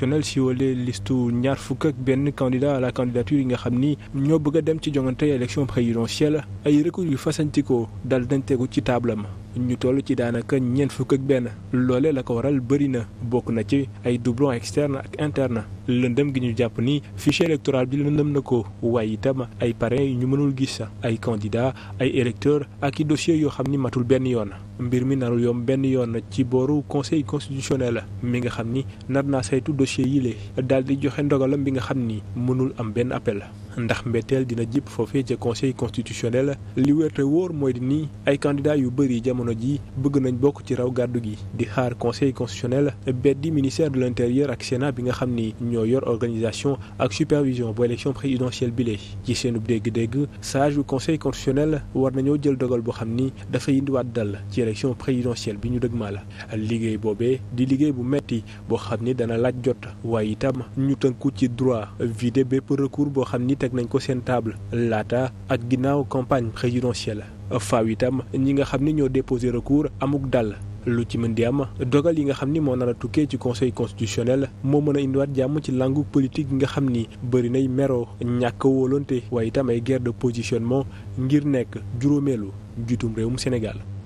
constitutionnel siiwalee listu ñaar fukk ak benn candidat à la candidature yi nga xam ni ñoo bëgg a dem ci joŋante élection présidentielle ay recours yu fasantikoo dal dañ tegu ci taabalam ñu toll ci daanaka ñeent fukk ak benn loolee la ko waral bëri na bokk na ci ay doublons externe ak interne. lëndëm gi ñu jàpp ni fichier électoral bi lëndëm na ko waaye itam ay parrain yu ñu mënul gis ay candidats ay électeurs ak i dossiers yoo xam ni matul benn yoon mbir mi narul yomb benn yoon ci booru conseil constitutionnel mi nga xam ni nar naa saytu dossier yi lee daal di joxe ndogalam bi nga xam ni mënul am benn appel ndax mbetteel dina jip foofee ca conseil constitutionnel li wérte wóor mooy di ni ay kandidaa yu bëri jamono ji bëgg nañ bokk ci raw gàddu gi di xaar conseil ñoo yor organisation ak supervision bu élection présidentielle bi léegi ci seenub dégg-dégg sage yu conseil constitutionnel war nañoo jël dogal boo xam ni dafay indiwaat dal ci élection présidentielle bi ñu dëgg la liggéey boobee di liggéey bu metti boo xam ni dana laaj jot waaye itam ñu tënku ci droit vider bépp recours boo xam ni teg nañ ko seen table laata ak ginnaaw campagne présidentielle faaw itam ñi nga xam ni ñoo déposé recours amuk dal lu ci mën di ama dogal yi nga xam ni moo nar a tukkee ci conseil constitutionnel moo mën a indiwaat jàmm ci langu politique yi nga xam ni bëri nay meroo ñàkk wóolonte waaye itam ay guerre de positionnement ngir nekk juróomeelu njiitum réewum Sénégal